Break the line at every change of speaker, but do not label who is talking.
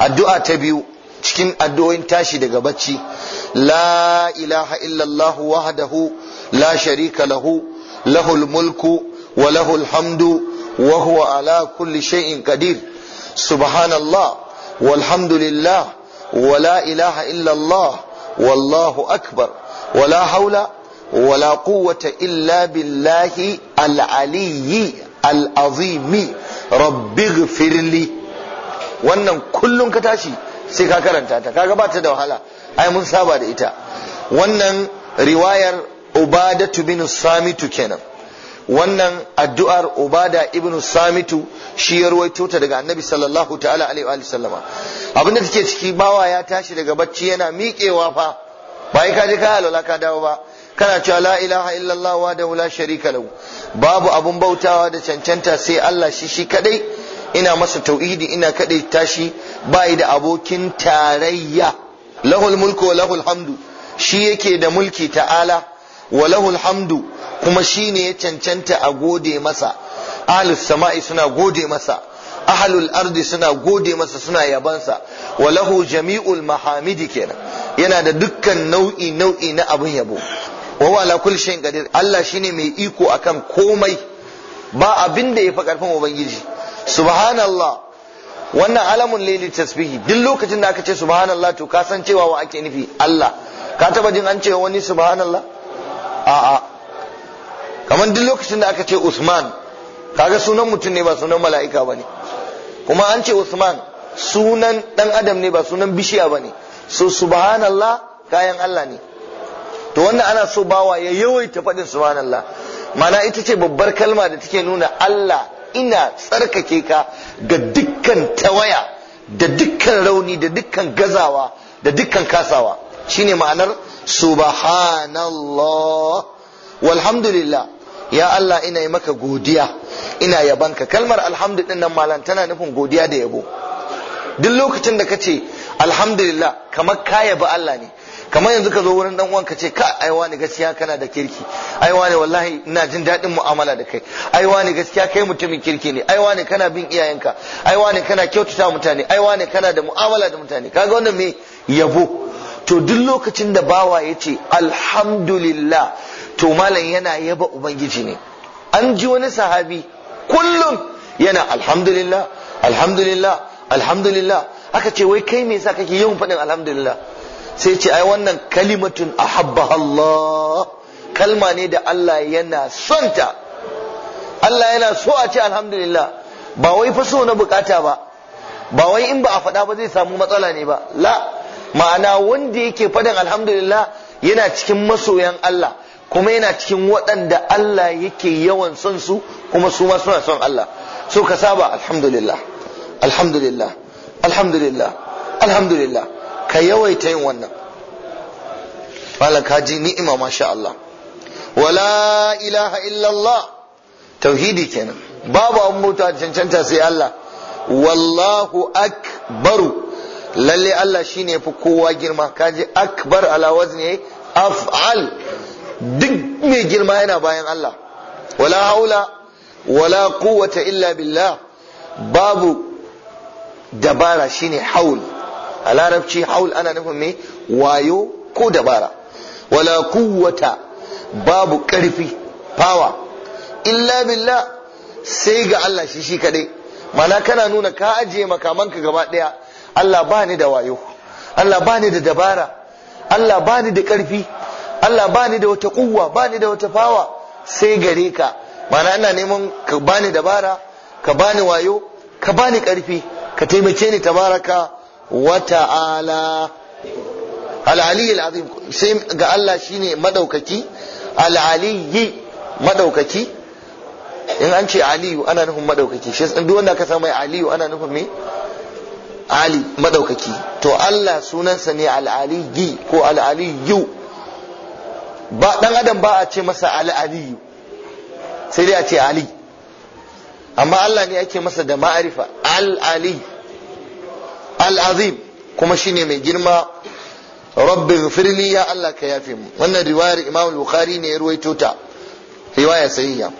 addu'a ta biyu cikin addu'o'in tashi daga bacci la ilaha illallah wahdahu la sharika lahu lahul mulku wa lahul hamdu wa huwa ala kulli shay'in qadir subhanallah walhamdulillah wa la ilaha illallah wallahu akbar wa la hawla wa la quwwata illa billahi al-aliyyi al-azimi rabbighfirli wannan kullum ka tashi sai ka karanta ta kaga ba ta da wahala ai mun saba da ita wannan riwayar ubadatu bin samitu kenan wannan addu'ar ubada ibn samitu shi ya ruwaito ta daga annabi sallallahu ta'ala alaihi wa sallama abin da take ciki bawa ya tashi daga bacci yana miƙewa fa ba ka je ka halala ka dawo ba kana cewa la ilaha illallah wa la sharika lahu babu abun bautawa da cancanta sai Allah shi shi kadai ina masa tauhidi ina kaɗe tashi bai da abokin tarayya lahul mulku wa lahul hamdu shi yake da mulki ta'ala wa lahul hamdu kuma shi ne ya cancanta a gode masa ahlus sama'i suna gode masa ahlul ardi suna gode masa suna yabansa wa lahu jami'ul mahamidi kenan yana da dukkan nau'i nau'i na abin yabo wa wala ala shay'in qadir Allah shine mai iko akan komai ba abin da yafi karfin ubangiji subhanallah wannan alamun laili tasbihi duk lokacin da aka ce subhanallah to ka san cewa wa ake nufi Allah ka taba jin an ce wani subhanallah a'a kamar duk lokacin da aka ce Usman kaga sunan mutum ne ba sunan mala'ika bane kuma an ce Usman sunan dan adam ne ba sunan bishiya bane so subhanallah kayan Allah ne to wannan ana so bawa ya yawaita faɗin subhanallah mana ita ce babbar kalma da take nuna Allah ina tsarkake ka ga dukkan tawaya da dukkan rauni da dukkan gazawa da dukkan kasawa shine ma'anar subhanallah walhamdulillah ya Allah ina yi maka godiya ina yabanka kalmar alhamdu din nan malam tana nufin godiya da yabo duk lokacin da kace alhamdulillah kamar ka yabi Allah ne kamar yanzu ka zo wurin dan uwan ka ce ka ai wani gaskiya kana da kirki ai wani wallahi ina jin daɗin mu'amala da kai ai wani gaskiya kai mutumin kirki ne ai wani kana bin iyayenka ai wani kana kyautata mutane ai wani kana da mu'amala da mutane kaga wannan me yabo to duk lokacin da bawa ya ce alhamdulillah to malam yana yaba ubangiji ne an ji wani sahabi kullum yana alhamdulillah alhamdulillah alhamdulillah aka ce wai kai me yasa kake yawan faɗin alhamdulillah sai ce ai wannan kalimatun ahabbaha Allah kalma ne da Allah yana sonta. Allah yana so a ce alhamdulillah ba wai fa so na bukata ba ba wai in ba a faɗa ba zai samu matsala ne ba la ma'ana wanda yake faɗin alhamdulillah yana cikin masoyan Allah kuma yana cikin waɗanda Allah yake yawan son su kuma su ma suna son Allah so ka saba alhamdulillah alhamdulillah alhamdulillah alhamdulillah ka yawaita yin wannan malam ka ji ni'ima masha Allah wala ilaha illallah tauhidi kenan babu abin mutu cancanta sai Allah wallahu akbaru lalle Allah shine fi kowa girma kaji akbar ala wazni af'al duk mai girma yana bayan Allah wala haula wala quwwata illa billah babu dabara shine haul a larabci haul ana nufin me wayo ko dabara wala quwwata babu karfi fawa illa billah sai ga Allah shi shi kadai mana kana nuna ka ajiye makamanka gaba daya Allah ba ni da wayo Allah ba ni da dabara Allah ba ni da karfi Allah ba ni da wata kuwa ba ni da wata fawa sai gare ka mana ina neman ka ba ni dabara ka ba ni wayo ka ba ni karfi ka taimake ni tabaraka wata'ala ta'ala al-ali al-azim sai ga Allah shine madaukaki al-ali madaukaki in an ce aliyu ana nufin madaukaki shi duk wanda ka samu aliyu ana nufin me ali madaukaki to Allah sunansa ne al ko al ba dan adam ba a ce masa al-aliyu sai dai a ce ali amma Allah ne ake masa da ma'arifa al-ali al'azim kuma shine mai girma rabbin firli ya Allah ka yafi mu wannan riwayar imam bukhari ne ya ruwaito ta riwaya sahiha